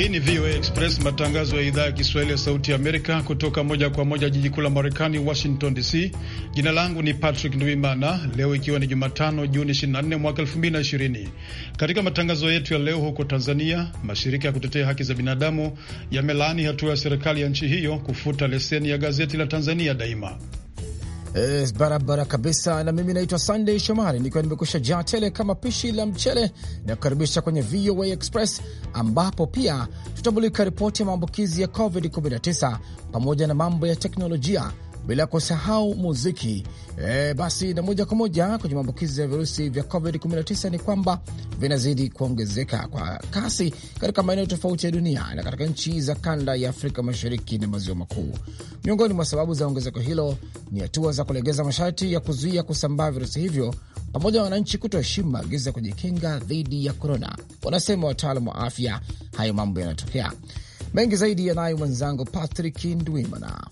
Hii ni VOA Express, matangazo ya idhaa ya Kiswahili ya Sauti ya Amerika, kutoka moja kwa moja jiji kuu la Marekani, Washington DC. Jina langu ni Patrick Ndwimana. Leo ikiwa ni Jumatano, Juni 24 mwaka 2020. Katika matangazo yetu ya leo, huko Tanzania, mashirika ya kutetea haki za binadamu yamelaani hatua ya serikali ya nchi hiyo kufuta leseni ya gazeti la Tanzania Daima. Eh, barabara kabisa. Na mimi naitwa Sunday Shomari, nikiwa nimekusha jaa tele kama pishi la mchele na kukaribisha kwenye VOA Express ambapo pia tutamulika ripoti ya maambukizi ya COVID-19 pamoja na mambo ya teknolojia bila kusahau muziki. E, basi na moja kwa moja kwenye maambukizi ya virusi vya COVID-19 ni kwamba vinazidi kuongezeka kwa kasi katika maeneo tofauti ya dunia na katika nchi za kanda ya Afrika Mashariki na Maziwa Makuu. Miongoni mwa sababu za ongezeko hilo ni hatua za kulegeza masharti ya kuzuia kusambaa virusi hivyo pamoja na wananchi kutoheshimu maagizo ya kujikinga dhidi ya korona, wanasema wataalam wa afya. Hayo mambo yanatokea mengi zaidi yanayo mwenzangu Patrick Ndwimana.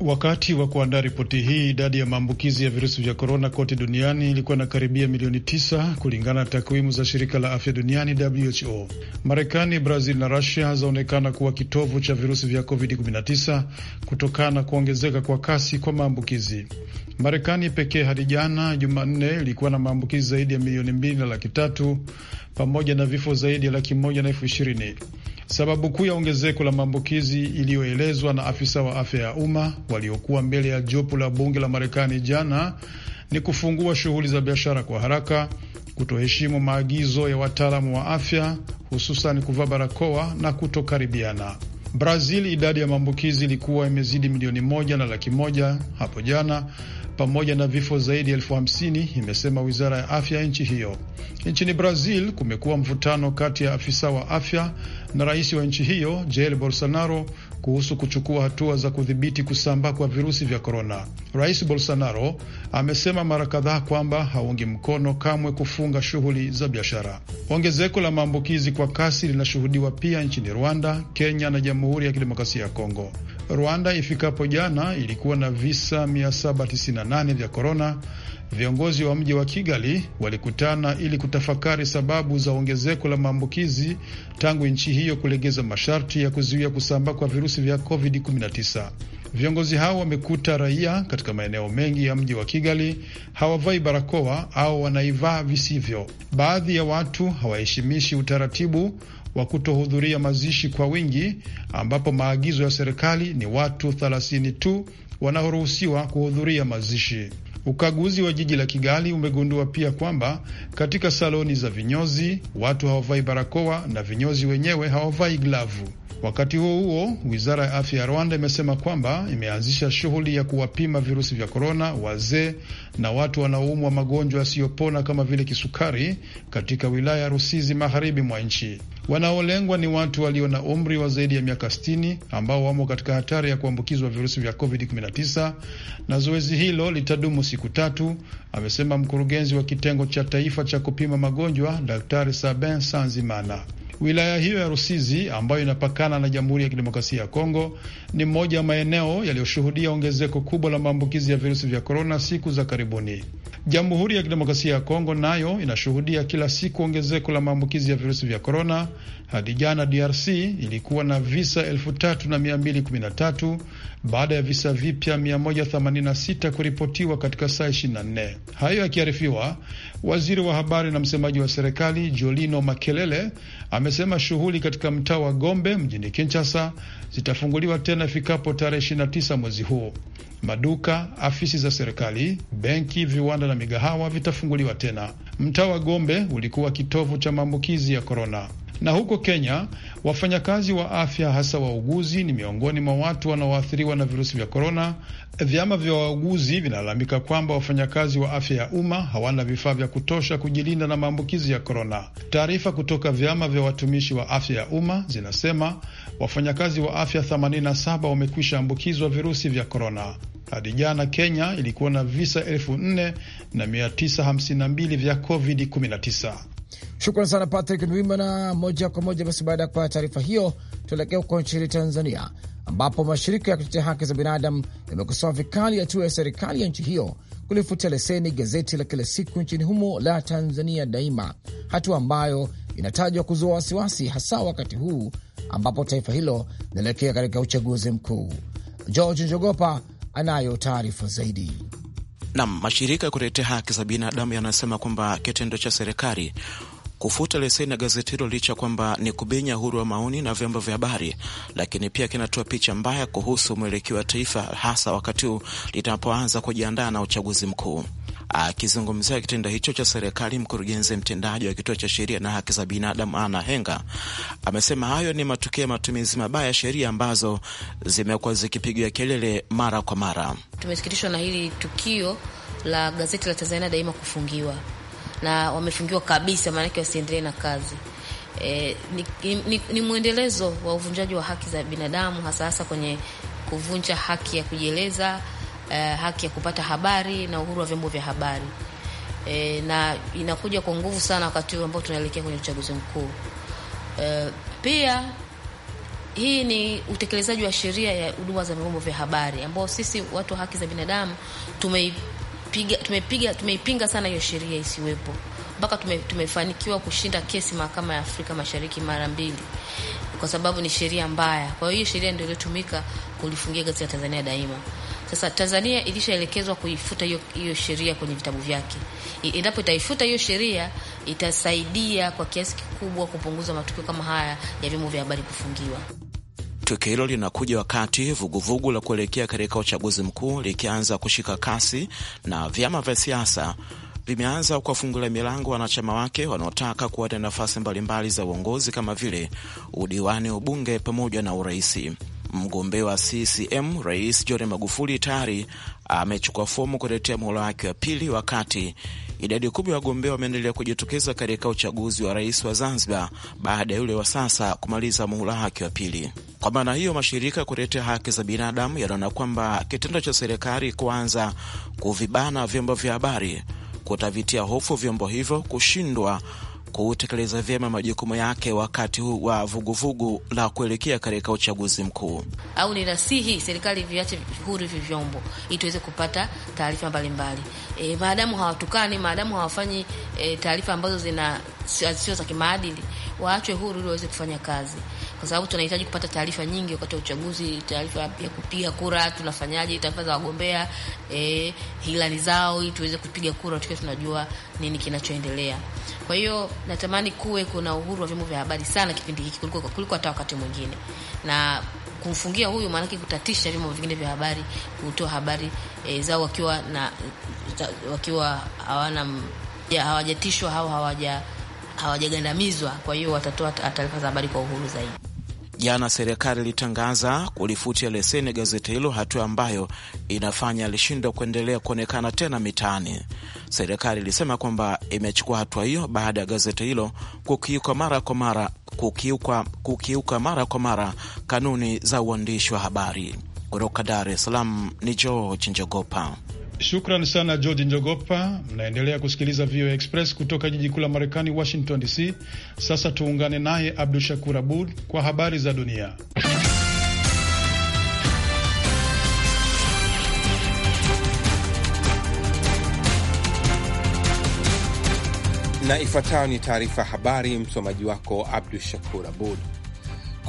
Wakati wa kuandaa ripoti hii, idadi ya maambukizi ya virusi vya korona kote duniani ilikuwa na karibia milioni tisa kulingana na takwimu za shirika la afya duniani WHO. Marekani, Brazil na Rusia zaonekana kuwa kitovu cha virusi vya COVID-19 kutokana na kuongezeka kwa kasi kwa maambukizi. Marekani pekee hadi jana Jumanne ilikuwa na maambukizi zaidi ya milioni mbili na laki tatu pamoja na vifo zaidi ya laki moja na elfu ishirini. Sababu kuu ya ongezeko la maambukizi iliyoelezwa na afisa wa afya ya umma waliokuwa mbele ya jopo la bunge la Marekani jana ni kufungua shughuli za biashara kwa haraka, kutoheshimu maagizo ya wataalamu wa afya, hususan kuvaa barakoa na kutokaribiana. Brazil, idadi ya maambukizi ilikuwa imezidi milioni moja na laki moja hapo jana, pamoja na vifo zaidi ya elfu hamsini imesema wizara ya afya ya nchi hiyo. Nchini Brazil kumekuwa mvutano kati ya afisa wa afya na rais wa nchi hiyo Jair Bolsonaro kuhusu kuchukua hatua za kudhibiti kusambaa kwa virusi vya korona. Rais Bolsonaro amesema mara kadhaa kwamba haungi mkono kamwe kufunga shughuli za biashara. Ongezeko la maambukizi kwa kasi linashuhudiwa pia nchini Rwanda, Kenya na Jamhuri ya Kidemokrasia ya Kongo. Rwanda ifikapo jana ilikuwa na visa 798 vya korona Viongozi wa mji wa Kigali walikutana ili kutafakari sababu za ongezeko la maambukizi tangu nchi hiyo kulegeza masharti ya kuzuia kusambaa kwa virusi vya COVID-19. Viongozi hao wamekuta raia katika maeneo mengi ya mji wa Kigali hawavai barakoa au wanaivaa visivyo. Baadhi ya watu hawaheshimishi utaratibu wa kutohudhuria mazishi kwa wingi, ambapo maagizo ya serikali ni watu 30 tu wanaoruhusiwa kuhudhuria mazishi. Ukaguzi wa jiji la Kigali umegundua pia kwamba katika saloni za vinyozi watu hawavai barakoa na vinyozi wenyewe hawavai glavu. Wakati huo huo, wizara ya afya ya Rwanda imesema kwamba imeanzisha shughuli ya kuwapima virusi vya korona wazee na watu wanaoumwa magonjwa yasiyopona kama vile kisukari katika wilaya ya Rusizi magharibi mwa nchi. Wanaolengwa ni watu walio na umri wa zaidi ya miaka 60 ambao wamo katika hatari ya kuambukizwa virusi vya COVID-19 na zoezi hilo litadumu siku tatu, amesema mkurugenzi wa kitengo cha taifa cha kupima magonjwa Daktari Sabin Sanzimana. Wilaya hiyo ya Rusizi ambayo inapakana na Jamhuri ya Kidemokrasia ya Kongo ni moja ya maeneo yaliyoshuhudia ongezeko kubwa la maambukizi ya virusi vya korona siku za karibuni. Jamhuri ya Kidemokrasia ya Kongo nayo inashuhudia kila siku ongezeko la maambukizi ya virusi vya korona hadi jana DRC ilikuwa na visa 3213 na baada ya visa vipya 186 kuripotiwa katika saa 24. Hayo yakiarifiwa, waziri wa habari na msemaji wa serikali Jolino Makelele amesema shughuli katika mtaa wa Gombe mjini Kinshasa zitafunguliwa tena ifikapo tarehe 29 mwezi huu. Maduka, afisi za serikali, benki, viwanda na migahawa vitafunguliwa tena. Mtaa wa Gombe ulikuwa kitovu cha maambukizi ya korona. Na huko Kenya, wafanyakazi wa afya hasa wauguzi ni miongoni mwa watu wanaoathiriwa na virusi vya korona. Vyama vya wauguzi vinalalamika kwamba wafanyakazi wa afya ya umma hawana vifaa vya kutosha kujilinda na maambukizi ya korona. Taarifa kutoka vyama vya watumishi wa afya ya umma zinasema wafanyakazi wa afya 87 wamekwisha ambukizwa virusi vya korona. Hadi jana Kenya ilikuwa na visa 4952 na vya COVID-19. Shukran sana Patrick Ndwimana. Moja kwa moja basi, baada ya kupata taarifa hiyo, tuelekea huko nchini Tanzania ambapo mashirika ya kutetea haki za binadamu yamekosoa vikali hatua ya serikali ya nchi hiyo kulifutia leseni gazeti la kila siku nchini humo la Tanzania Daima, hatua ambayo inatajwa kuzua wasiwasi, hasa wakati huu ambapo taifa hilo linaelekea katika uchaguzi mkuu. George Njogopa anayo taarifa zaidi. Nam, mashirika ya kutetea haki za binadamu yanasema kwamba kitendo cha serikali kufuta leseni ya gazeti hilo licha kwamba ni kubinya uhuru wa maoni na vyombo vya habari, lakini pia kinatoa picha mbaya kuhusu mwelekeo wa taifa, hasa wakati huu litapoanza kujiandaa na uchaguzi mkuu. Akizungumzia kitendo hicho cha serikali, mkurugenzi mtendaji wa kituo cha sheria na haki za binadamu Ana Henga amesema hayo ni matukio ya matumizi mabaya ya sheria ambazo zimekuwa zikipigiwa kelele mara kwa mara. Tumesikitishwa na hili tukio la gazeti la Tanzania Daima kufungiwa na wamefungiwa kabisa, maanake wasiendelee na kazi. E, ni, ni, ni mwendelezo wa uvunjaji wa haki za binadamu hasa hasa kwenye kuvunja haki ya kujieleza, e, haki ya kupata habari na uhuru wa vyombo vya habari. E, na inakuja kwa nguvu sana wakati huu ambao tunaelekea kwenye uchaguzi mkuu. E, pia hii ni utekelezaji wa sheria ya huduma za vyombo vya habari ambao sisi watu wa haki za binadamu tume tumepiga tumepiga tumeipinga sana hiyo sheria isiwepo mpaka tume, tumefanikiwa kushinda kesi mahakama ya Afrika Mashariki mara mbili kwa sababu ni sheria mbaya. Kwa hiyo sheria ndio iliyotumika kulifungia gazeti la Tanzania Daima. Sasa Tanzania ilishaelekezwa kuifuta hiyo hiyo sheria kwenye vitabu vyake. Endapo itaifuta hiyo sheria, itasaidia kwa kiasi kikubwa kupunguza matukio kama haya ya vyombo vya habari kufungiwa. Tukio hilo linakuja wakati vuguvugu vugu la kuelekea katika uchaguzi mkuu likianza kushika kasi na vyama vya siasa vimeanza kuwafungulia milango wanachama wake wanaotaka kuwania nafasi mbalimbali za uongozi kama vile udiwani, ubunge pamoja na uraisi. Mgombea wa CCM Rais John Magufuli tayari amechukua fomu kutetea muhula wake wa pili, wakati Idadi kubwa ya wagombea wameendelea kujitokeza katika uchaguzi wa rais wa Zanzibar baada ya yule wa sasa kumaliza muhula wake wa pili. Kwa maana hiyo, mashirika ya kutetea haki za binadamu yanaona kwamba kitendo cha serikali kuanza kuvibana vyombo vya habari kutavitia hofu vyombo hivyo kushindwa kutekeleza vyema majukumu yake wakati huu wa vuguvugu vugu la kuelekea katika uchaguzi mkuu. Au ni nasihi serikali viache huru hivi vyombo ili tuweze kupata taarifa mbalimbali. E, maadamu hawatukani, maadamu hawafanyi e, taarifa ambazo zina sio za kimaadili waachwe huru ili waweze kufanya kazi, kwa sababu tunahitaji kupata taarifa nyingi wakati wa uchaguzi, taarifa ya kupiga kura, tunafanyaje, taarifa za wagombea e, eh, hilani zao, ili tuweze kupiga kura tukiwa tunajua nini kinachoendelea. Kwa hiyo natamani kuwe kuna uhuru wa vyombo vya habari sana kipindi hiki kuliko kuliko hata wakati mwingine, na kumfungia huyu maanake kutatisha vyombo vingine vya habari kutoa habari e, zao wakiwa na wakiwa hawana hawajatishwa au hawaja hawajagandamizwa, kwa hiyo watatoa taarifa za habari kwa uhuru zaidi. Jana serikali ilitangaza kulifutia leseni gazeti hilo, hatua ambayo inafanya lishindwa kuendelea kuonekana tena mitaani. Serikali ilisema kwamba imechukua hatua hiyo baada ya gazeti hilo kukiuka mara kwa mara kukiuka, kukiuka mara kwa mara kanuni za uandishi wa habari. Kutoka Dar es Salaam ni George Njogopa. Shukran sana George Njogopa. Mnaendelea kusikiliza VOA Express kutoka jiji kuu la Marekani, Washington DC. Sasa tuungane naye Abdu Shakur Abud kwa habari za dunia. Na ifuatayo ni taarifa habari, msomaji wako Abdu Shakur Abud.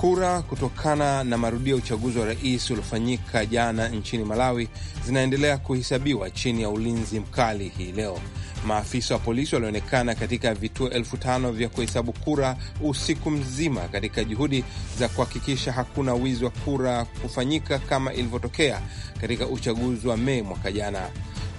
Kura kutokana na marudio ya uchaguzi wa rais uliofanyika jana nchini Malawi zinaendelea kuhesabiwa chini ya ulinzi mkali hii leo. Maafisa wa polisi walionekana katika vituo elfu tano vya kuhesabu kura usiku mzima katika juhudi za kuhakikisha hakuna wizi wa kura kufanyika kama ilivyotokea katika uchaguzi wa Mei mwaka jana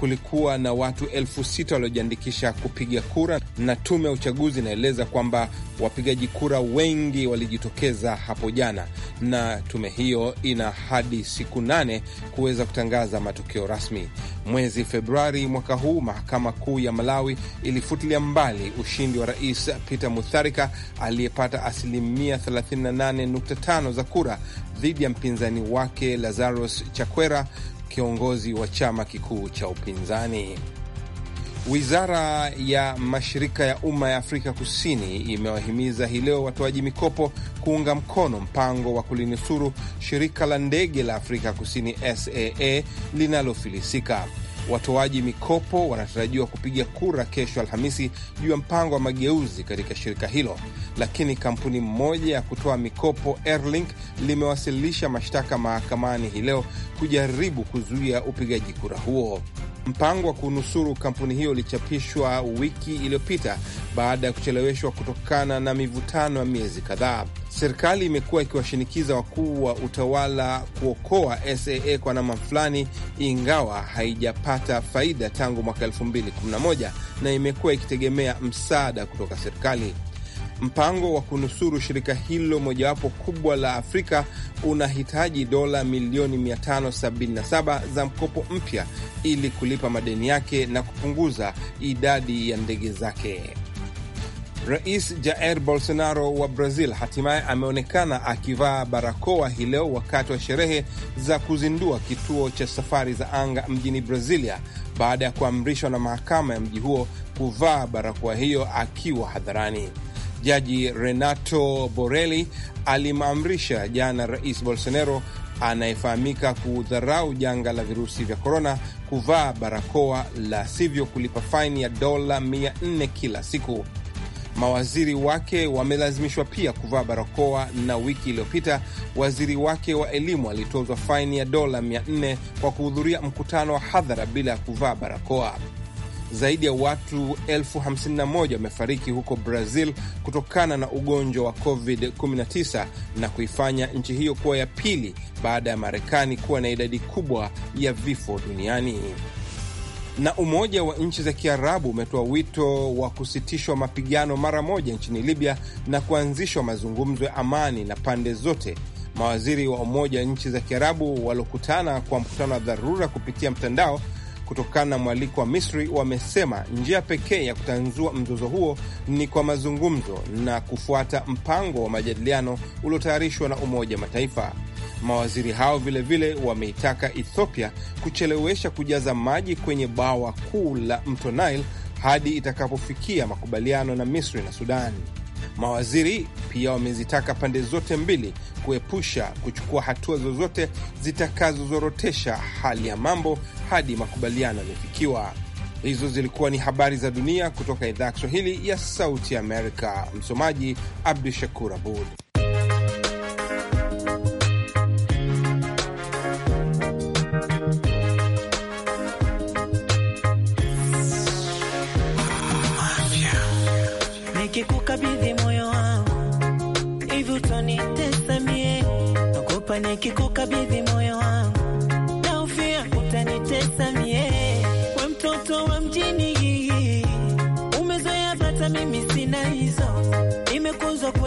kulikuwa na watu elfu sita waliojiandikisha kupiga kura, na tume ya uchaguzi inaeleza kwamba wapigaji kura wengi walijitokeza hapo jana, na tume hiyo ina hadi siku nane kuweza kutangaza matokeo rasmi. Mwezi Februari mwaka huu, mahakama kuu ya Malawi ilifutilia mbali ushindi wa Rais Peter Mutharika aliyepata asilimia 38.5 za kura dhidi ya mpinzani wake Lazarus Chakwera kiongozi wa chama kikuu cha upinzani. Wizara ya mashirika ya umma ya Afrika Kusini imewahimiza hii leo watoaji mikopo kuunga mkono mpango wa kulinusuru shirika la ndege la Afrika Kusini SAA linalofilisika. Watoaji mikopo wanatarajiwa kupiga kura kesho Alhamisi juu ya mpango wa mageuzi katika shirika hilo, lakini kampuni moja ya kutoa mikopo Airlink limewasilisha mashtaka mahakamani hii leo kujaribu kuzuia upigaji kura huo. Mpango wa kunusuru kampuni hiyo ulichapishwa wiki iliyopita baada ya kucheleweshwa kutokana na mivutano ya miezi kadhaa. Serikali imekuwa ikiwashinikiza wakuu wa utawala kuokoa SAA kwa namna fulani, ingawa haijapata faida tangu mwaka 2011 na imekuwa ikitegemea msaada kutoka serikali. Mpango wa kunusuru shirika hilo mojawapo kubwa la Afrika unahitaji dola milioni 577 za mkopo mpya ili kulipa madeni yake na kupunguza idadi ya ndege zake. Rais Jair Bolsonaro wa Brazil hatimaye ameonekana akivaa barakoa hii leo wakati wa sherehe za kuzindua kituo cha safari za anga mjini Brazilia baada ya kuamrishwa na mahakama ya mji huo kuvaa barakoa hiyo akiwa hadharani. Jaji Renato Borelli alimamrisha jana Rais Bolsonaro anayefahamika kudharau janga la virusi vya korona kuvaa barakoa, la sivyo kulipa faini ya dola 400 kila siku. Mawaziri wake wamelazimishwa pia kuvaa barakoa, na wiki iliyopita waziri wake wa elimu alitozwa faini ya dola 400 kwa kuhudhuria mkutano wa hadhara bila ya kuvaa barakoa zaidi ya watu elfu 51 wamefariki huko Brazil kutokana na ugonjwa wa COVID-19 na kuifanya nchi hiyo kuwa ya pili baada ya Marekani kuwa na idadi kubwa ya vifo duniani. Na Umoja wa Nchi za Kiarabu umetoa wito wa kusitishwa mapigano mara moja nchini Libya na kuanzishwa mazungumzo ya amani na pande zote. Mawaziri wa Umoja wa Nchi za Kiarabu waliokutana kwa mkutano wa dharura kupitia mtandao kutokana na mwaliko wa Misri wamesema njia pekee ya kutanzua mzozo huo ni kwa mazungumzo na kufuata mpango wa majadiliano uliotayarishwa na Umoja Mataifa. Mawaziri hao vilevile wameitaka Ethiopia kuchelewesha kujaza maji kwenye bawa kuu la mto Nile hadi itakapofikia makubaliano na Misri na sudan Mawaziri pia wamezitaka pande zote mbili kuepusha kuchukua hatua zozote zitakazozorotesha hali ya mambo hadi makubaliano yamefikiwa. Hizo zilikuwa ni habari za dunia kutoka idhaa ya Kiswahili ya Sauti Amerika. Msomaji Abdu Shakur Abud. Nikikukabidhi moyo wangu hivi nakupa nikikukabidhi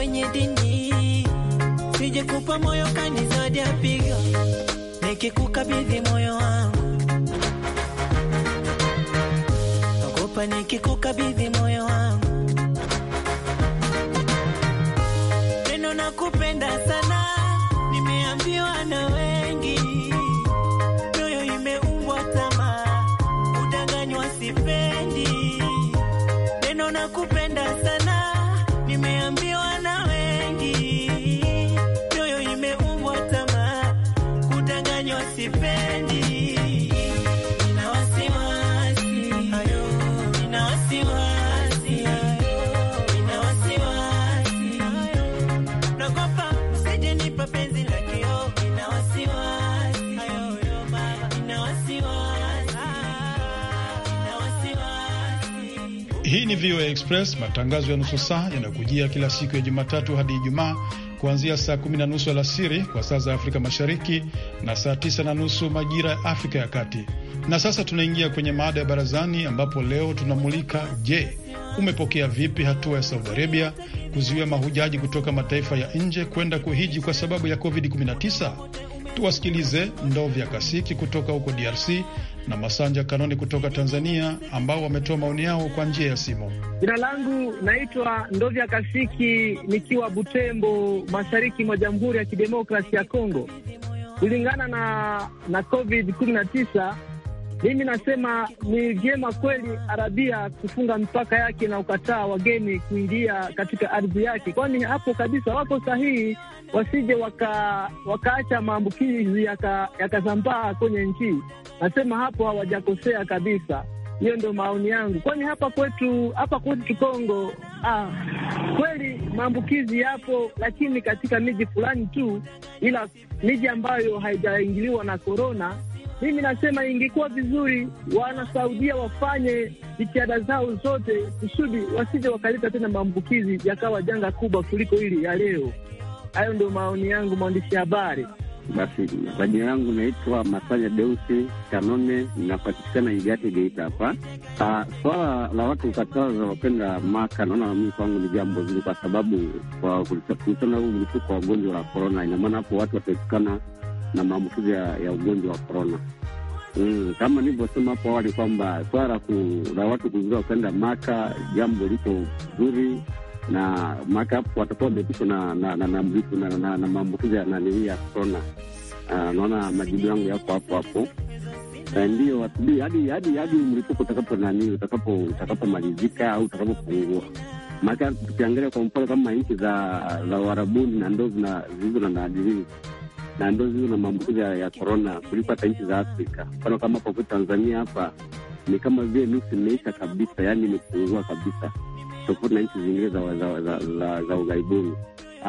kwenye dini, sije kupa moyo kanizadi apiga, nikikukabidhi moyo wangu, nakupa nikikukabidhi moyo wangu, neno nakupenda sana, nimeambiwa nawe Hii ni VOA Express, matangazo ya nusu saa yanayokujia kila siku ya Jumatatu hadi Ijumaa kuanzia saa kumi na nusu alasiri kwa saa za Afrika Mashariki na saa tisa na nusu majira ya Afrika ya Kati. Na sasa tunaingia kwenye maada ya barazani, ambapo leo tunamulika: je, umepokea vipi hatua ya Saudi Arabia kuzuia mahujaji kutoka mataifa ya nje kwenda kuhiji kwa sababu ya COVID-19? Tuwasikilize Ndovya Kasiki kutoka huko DRC na Masanja Kanoni kutoka Tanzania ambao wametoa maoni yao kwa njia ya simu. Jina langu naitwa Ndovya Kasiki nikiwa Butembo, mashariki mwa Jamhuri ya Kidemokrasi ya Kongo. Kulingana na na COVID-19 mimi nasema ni vyema kweli Arabia kufunga mipaka yake na ukataa wageni kuingia katika ardhi yake, kwani hapo kabisa wako sahihi, wasije waka, wakaacha maambukizi yakasambaa yaka kwenye nchi. Nasema hapo hawajakosea kabisa. Hiyo ndio maoni yangu, kwani hapa kwetu hapa kwetu Kongo ah, kweli maambukizi yapo, lakini katika miji fulani tu, ila miji ambayo haijaingiliwa na korona mimi nasema ingekuwa vizuri wanasaudia wafanye jitihada zao zote kusudi wasije wakaleta tena maambukizi yakawa janga kubwa kuliko hili ya leo. Hayo ndio maoni yangu, mwandishi habari. Basi majina yangu langu naitwa masanya Deusi Kanone, napatikana Igate, Geita hapa. Ah, swala la watu kukataza wapenda maka, naona mii kwangu ni jambo zuri, kwa sababu kwa kulichana huu mlipuko wa ugonjwa wa korona, ina maana hapo watu wataepukana na maambukizi ya, ya ugonjwa wa korona. Mm, kama nilivyosema hapo awali kwamba swala la watu kuzuia kwenda Maka jambo liko zuri na Maka hapo watakuwa wamepishwa na na na, na, na, na, na na, maambukizi ya nani ya korona. Uh, ah, naona majibu yangu yako hapo hapo. Eh, ndio watubii hadi hadi hadi mlipuko utakapo nani utakapo utakapomalizika au utakapopungua. Maka tukiangalia kwa mfano kama nchi za za Uarabuni na ndo zilizo na nadilii na ndo zizo na maambukizi ya korona kuliko hata nchi za Afrika. Mfano kama kwa Tanzania hapa ni kama vile nusu imeisha kabisa, yaani imepungua kabisa, tofauti na nchi zingine za, za, za, za, za, za ughaibuni.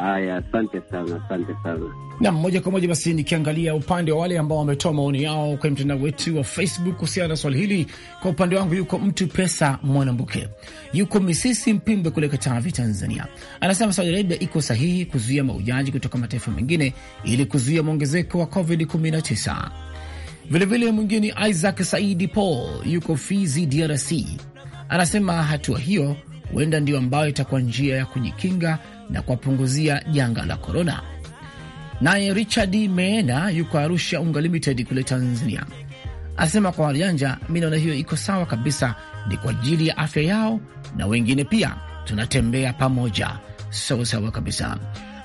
Haya, asante sana, asante sana. Nam, moja kwa moja basi nikiangalia upande wa wale ambao wametoa maoni yao kwenye mtandao wetu wa Facebook kuhusiana na swali hili. Kwa upande wangu, yuko mtu pesa Mwanambuke, yuko Misisi Mpimbe kule Katavi, Tanzania, anasema Saudi Arabia iko sahihi kuzuia maujaji kutoka mataifa mengine ili kuzuia mwongezeko wa COVID-19. Vilevile mwingine Isaac Saidi Paul yuko Fizi, DRC, anasema hatua hiyo huenda ndio ambayo itakuwa njia ya kujikinga na kuwapunguzia janga la korona. Naye Richard Meena yuko Arusha Unga Limited kule Tanzania anasema kwa walianja, mi naona hiyo iko sawa kabisa, ni kwa ajili ya afya yao na wengine pia, tunatembea pamoja, sawa sawa kabisa.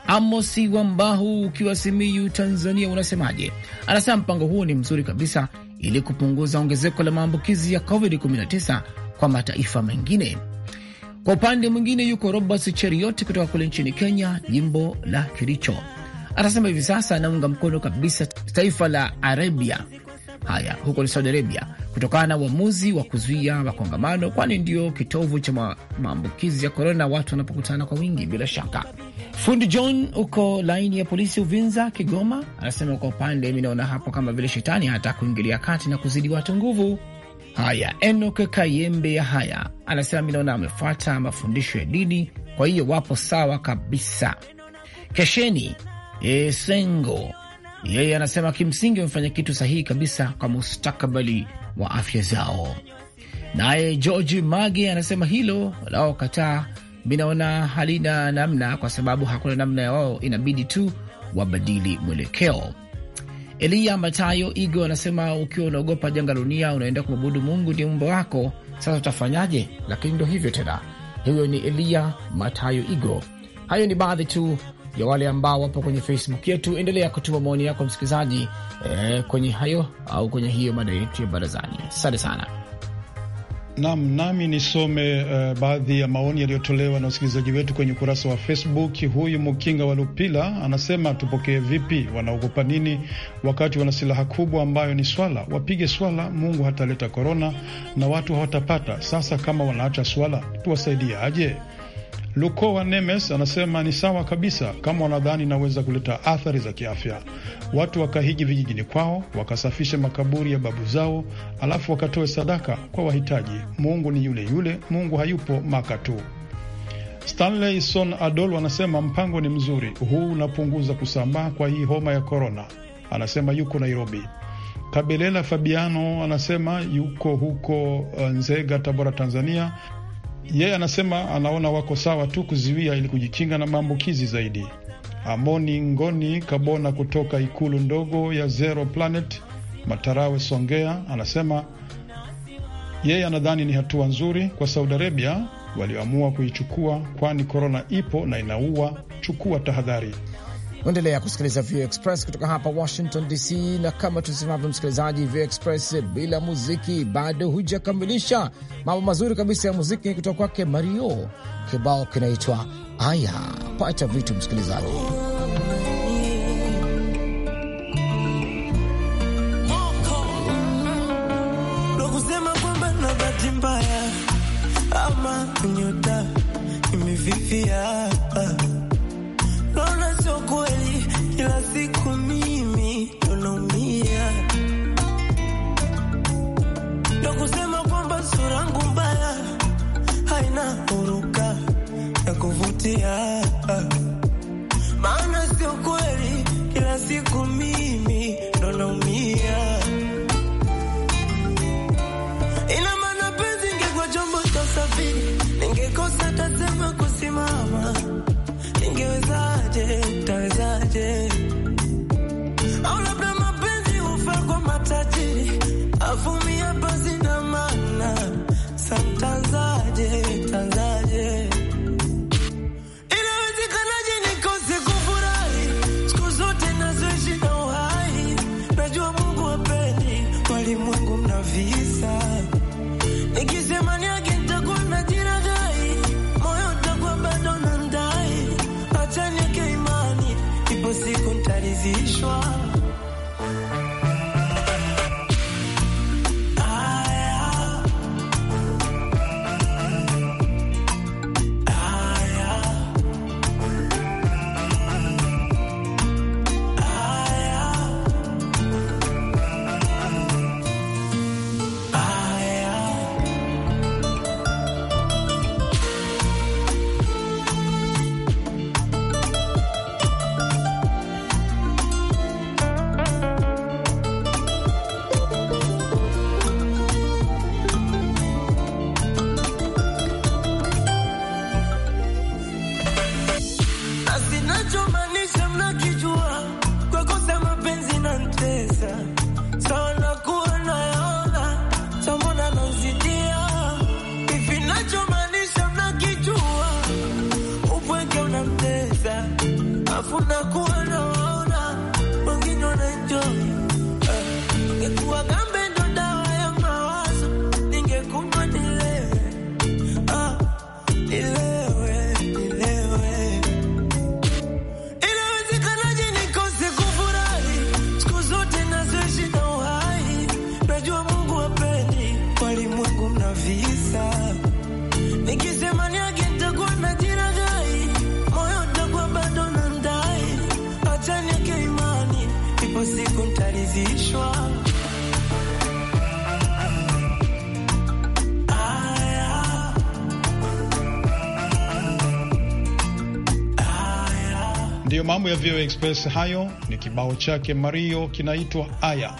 Amosi Wambahu ukiwa Simiyu Tanzania, unasemaje? Anasema mpango huo ni mzuri kabisa, ili kupunguza ongezeko la maambukizi ya COVID-19 kwa mataifa mengine. Kwa upande mwingine, yuko Robert Cheriot kutoka kule nchini Kenya, jimbo la Kericho, atasema hivi sasa anaunga mkono kabisa taifa la Arabia haya huko ni Saudi Arabia kutokana na uamuzi wa kuzuia makongamano, kwani ndio kitovu cha maambukizi ya korona, watu wanapokutana kwa wingi. Bila shaka, fundi John huko laini ya polisi Uvinza, Kigoma, anasema kwa upande, mi naona hapo kama vile shetani hata kuingilia kati na kuzidi watu nguvu. Haya, Enok Kayembe haya anasema mi naona amefuata mafundisho ya dini, kwa hiyo wapo sawa kabisa. Kesheni e, Sengo yeye anasema kimsingi wamefanya kitu sahihi kabisa kwa mustakabali wa afya zao. Naye George Mage anasema hilo lao kataa, mi naona halina namna, kwa sababu hakuna namna ya wao, inabidi tu wabadili mwelekeo. Eliya Matayo Igo anasema ukiwa unaogopa janga la dunia, unaenda kumwabudu Mungu ndiye mumba wako, sasa utafanyaje? Lakini ndo hivyo tena. Huyo ni Eliya Matayo Igo. Hayo ni baadhi tu ya wale ambao wapo kwenye Facebook yetu. Endelea kutuma maoni yako msikilizaji, eh, kwenye hayo au kwenye hiyo mada yetu ya barazani. Asante sana. Nam nami nisome uh, baadhi ya maoni yaliyotolewa na wasikilizaji wetu kwenye ukurasa wa Facebook. Huyu mkinga wa Lupila anasema tupokee vipi? Wanaogopa nini wakati wana silaha kubwa ambayo ni swala? Wapige swala, Mungu hataleta korona na watu hawatapata. Sasa kama wanaacha swala tuwasaidie aje? wa Nemes anasema ni sawa kabisa, kama wanadhani inaweza kuleta athari za kiafya. Watu wakahiji vijijini kwao, wakasafishe makaburi ya babu zao, alafu wakatoe sadaka kwa wahitaji. Mungu ni yule yule, Mungu hayupo maka tu. Stanley Son Adol anasema mpango ni mzuri, huu unapunguza kusambaa kwa hii homa ya korona. Anasema yuko Nairobi. Kabelela Fabiano anasema yuko huko eh, Nzega, Tabora, Tanzania. Yeye yeah, anasema anaona wako sawa tu kuziwia ili kujikinga na maambukizi zaidi. Amoni Ngoni Kabona kutoka ikulu ndogo ya Zero Planet Matarawe, Songea, anasema yeye yeah, anadhani ni hatua nzuri kwa Saudi Arabia walioamua kuichukua, kwani korona ipo na inaua. Chukua tahadhari endelea kusikiliza VOA Express kutoka hapa Washington DC, na kama tusemavyo, msikilizaji, VOA Express bila muziki bado hujakamilisha. Mambo mazuri kabisa ya muziki kutoka kwake Mario, kibao kinaitwa Aya. Pata vitu msikilizaji. kupitia, ah. maana sio kweli kila siku mimi ndo naumia. Ina maana penzi ingekuwa chombo cha usafiri, ningekosa tasema kusimama, ningewezaje, tawezaje Ndiyo mambo ya VOA Express hayo. Ni kibao chake Mario kinaitwa Aya.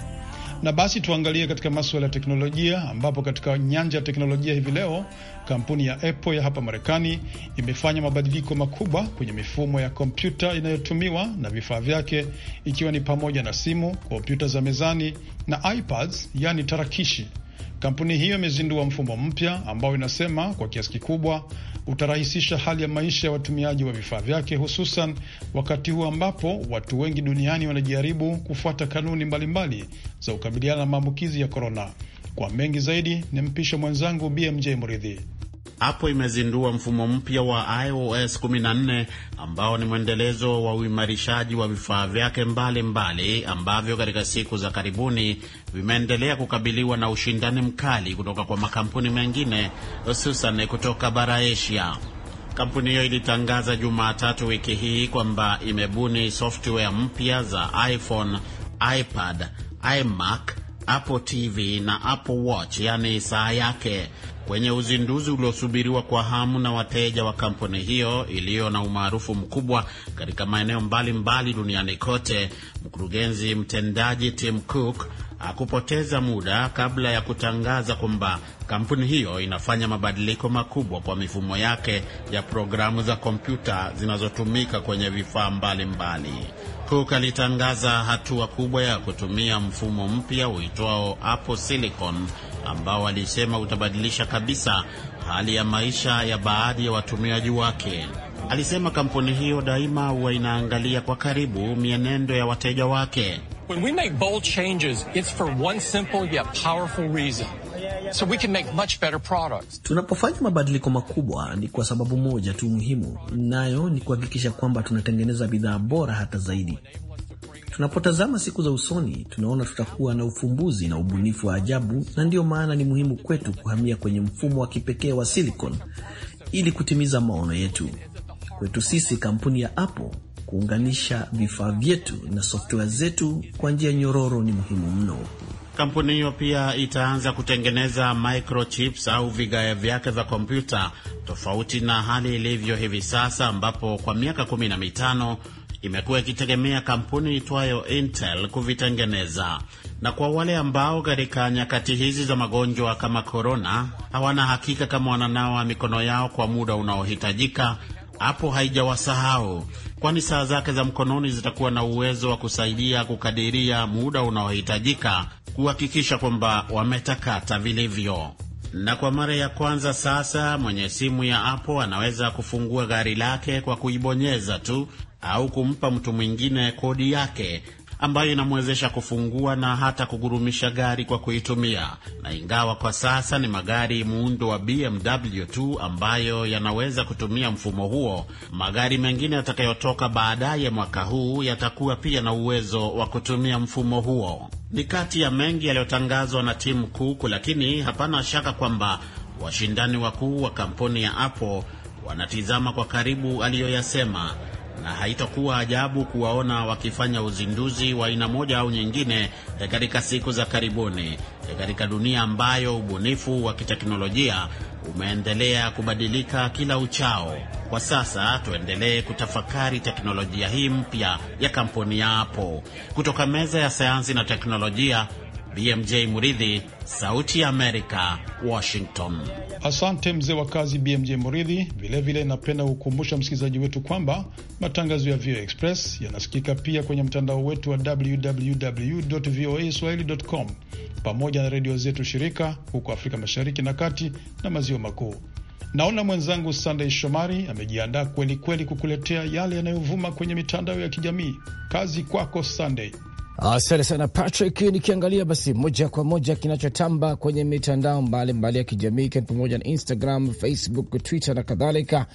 Na basi tuangalie katika masuala ya teknolojia, ambapo katika nyanja ya teknolojia hivi leo kampuni ya Apple ya hapa Marekani imefanya mabadiliko makubwa kwenye mifumo ya kompyuta inayotumiwa na vifaa vyake, ikiwa ni pamoja na simu, kompyuta za mezani na iPads, yani tarakishi. Kampuni hiyo imezindua mfumo mpya ambao inasema kwa kiasi kikubwa utarahisisha hali ya maisha ya watumiaji wa vifaa vyake, hususan wakati huu ambapo watu wengi duniani wanajaribu kufuata kanuni mbalimbali za kukabiliana na maambukizi ya korona. Kwa mengi zaidi, ni mpisho mwenzangu BMJ Mridhi hapo imezindua mfumo mpya wa iOS 14 ambao ni mwendelezo wa uimarishaji wa vifaa vyake mbalimbali mbali, ambavyo katika siku za karibuni vimeendelea kukabiliwa na ushindani mkali kutoka kwa makampuni mengine hususan kutoka bara Asia. Kampuni hiyo ilitangaza Jumatatu wiki hii kwamba imebuni software mpya za iPhone, iPad, iMac, Apple TV na Apple Watch, yaani saa yake kwenye uzinduzi uliosubiriwa kwa hamu na wateja wa kampuni hiyo iliyo na umaarufu mkubwa katika maeneo mbalimbali mbali duniani kote, mkurugenzi mtendaji Tim Cook hakupoteza muda kabla ya kutangaza kwamba kampuni hiyo inafanya mabadiliko makubwa kwa mifumo yake ya programu za kompyuta zinazotumika kwenye vifaa mbalimbali. Cook alitangaza hatua kubwa ya kutumia mfumo mpya uitwao Apple Silicon ambao alisema utabadilisha kabisa hali ya maisha ya baadhi ya watumiaji wake. Alisema kampuni hiyo daima huwa inaangalia kwa karibu mienendo ya wateja wake When we make bold changes, it's for one simple yet powerful reason. So we can make much better products. Tunapofanya mabadiliko makubwa ni kwa sababu moja tu muhimu, nayo ni kuhakikisha kwamba tunatengeneza bidhaa bora hata zaidi. Tunapotazama siku za usoni, tunaona tutakuwa na ufumbuzi na ubunifu wa ajabu, na ndiyo maana ni muhimu kwetu kuhamia kwenye mfumo wa kipekee wa silicon ili kutimiza maono yetu. Kwetu sisi kampuni ya Apple kuunganisha vifaa vyetu na software zetu kwa njia nyororo ni muhimu mno. Kampuni hiyo pia itaanza kutengeneza microchips au vigae vyake vya kompyuta, tofauti na hali ilivyo hivi sasa, ambapo kwa miaka kumi na mitano imekuwa ikitegemea kampuni itwayo Intel kuvitengeneza. Na kwa wale ambao katika nyakati hizi za magonjwa kama korona hawana hakika kama wananawa mikono yao kwa muda unaohitajika, hapo haijawasahau kwani saa zake za mkononi zitakuwa na uwezo wa kusaidia kukadiria muda unaohitajika kuhakikisha kwamba wametakata vilivyo. Na kwa mara ya kwanza sasa mwenye simu ya Apple anaweza kufungua gari lake kwa kuibonyeza tu au kumpa mtu mwingine kodi yake ambayo inamwezesha kufungua na hata kugurumisha gari kwa kuitumia, na ingawa kwa sasa ni magari muundo wa BMW tu ambayo yanaweza kutumia mfumo huo, magari mengine yatakayotoka baadaye mwaka huu yatakuwa pia na uwezo wa kutumia mfumo huo. Ni kati ya mengi yaliyotangazwa na timu Cook, lakini hapana shaka kwamba washindani wakuu wa kampuni ya Apple wanatizama kwa karibu aliyoyasema na haitakuwa ajabu kuwaona wakifanya uzinduzi wa aina moja au nyingine eh, katika siku za karibuni eh, katika dunia ambayo ubunifu wa kiteknolojia umeendelea kubadilika kila uchao. Kwa sasa tuendelee kutafakari teknolojia hii mpya ya kampuni ya Apple. Kutoka meza ya sayansi na teknolojia BMJ Muridhi, Sauti ya Amerika, Washington. Asante mzee wa kazi BMJ Muridhi. Vilevile napenda kukumbusha msikilizaji wetu kwamba matangazo ya VOA Express yanasikika pia kwenye mtandao wetu wa www voa swahili com pamoja na redio zetu shirika huko Afrika Mashariki na kati na maziwa makuu. Naona mwenzangu Sandey Shomari amejiandaa kweli kweli kukuletea yale yanayovuma kwenye mitandao ya kijamii. Kazi kwako Sandey. Asante sana Patrick. Nikiangalia basi moja kwa moja kinachotamba kwenye mitandao mbalimbali ya kijamii ikiwa ni pamoja na Instagram, Facebook, Twitter na kadhalika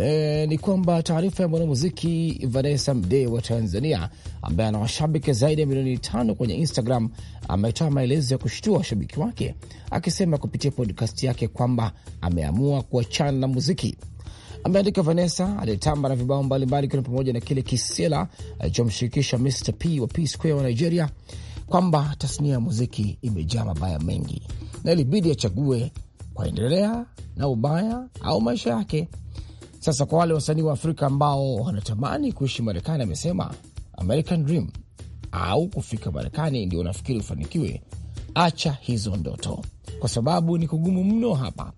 e, ni kwamba taarifa ya mwanamuziki Vanessa Mdee wa Tanzania ambaye ana washabiki zaidi ya milioni tano kwenye Instagram ametoa maelezo ya kushtua washabiki wake akisema kupitia podcast yake kwamba ameamua kuachana na muziki ameandika Vanessa aliyetamba na vibao mbalimbali ikiwa pamoja na kile Kisela alichomshirikisha eh, Mr P wa P Square wa Nigeria kwamba tasnia ya muziki imejaa mabaya mengi na ilibidi achague endelea na ubaya au maisha yake. Sasa kwa wale wasanii wa Afrika ambao wanatamani kuishi Marekani, amesema American Dream au kufika Marekani ndio unafikiri ufanikiwe, acha hizo ndoto, kwa sababu ni kugumu mno hapa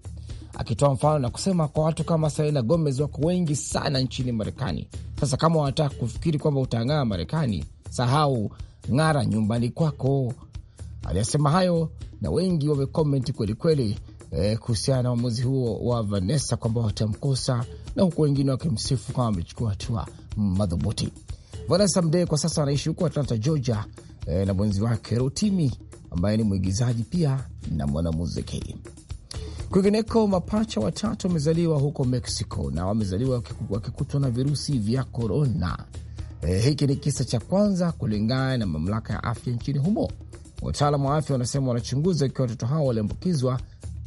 akitoa mfano na kusema kwa watu kama Selena Gomez wako wengi sana nchini Marekani. Sasa kama wanataka kufikiri kwamba utang'aa Marekani, sahau ng'ara nyumbani kwako. Aliyasema hayo na wengi wamekomenti kwelikweli eh, kuhusiana na uamuzi huo wa Vanessa kwamba watamkosa na huku wengine wakimsifu kama amechukua hatua madhubuti. Vanessa Mdee kwa sasa anaishi huko Atlanta, Georgia eh, na mwenzi wake Rotimi ambaye ni mwigizaji pia na mwanamuziki. Kwingineko, mapacha watatu wamezaliwa huko Mexico na wamezaliwa wakikutwa na virusi vya korona. E, hiki ni kisa cha kwanza kulingana na mamlaka ya afya nchini humo. Wataalamu wa afya wanasema wanachunguza ikiwa watoto hao waliambukizwa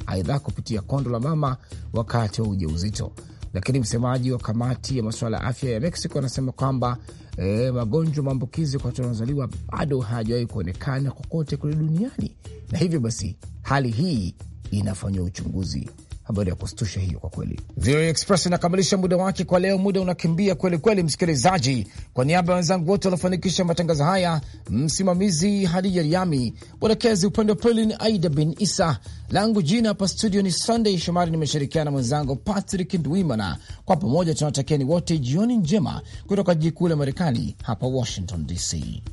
aidha kupitia kondo la mama wakati wa ujauzito, lakini msemaji wa kamati ya masuala ya afya ya Mexico anasema kwamba e, magonjwa maambukizi kwa watoto wanaozaliwa bado hayajawahi kuonekana kokote kule duniani, na hivyo basi hali hii inafanywa uchunguzi. Habari ya kustusha hiyo kwa kweli. VOA Express inakamilisha muda wake kwa leo. Muda unakimbia kweli kweli, msikilizaji. Kwa niaba ya wenzangu wote waliofanikisha matangazo haya, msimamizi Hadija Riami, mwelekezi upande wa Pelin Aida bin Isa, langu jina hapa studio ni Sunday Shomari, nimeshirikiana na mwenzangu Patrick Ndwimana. Kwa pamoja tunawatakia ni wote jioni njema kutoka jiji kuu la Marekani hapa Washington DC.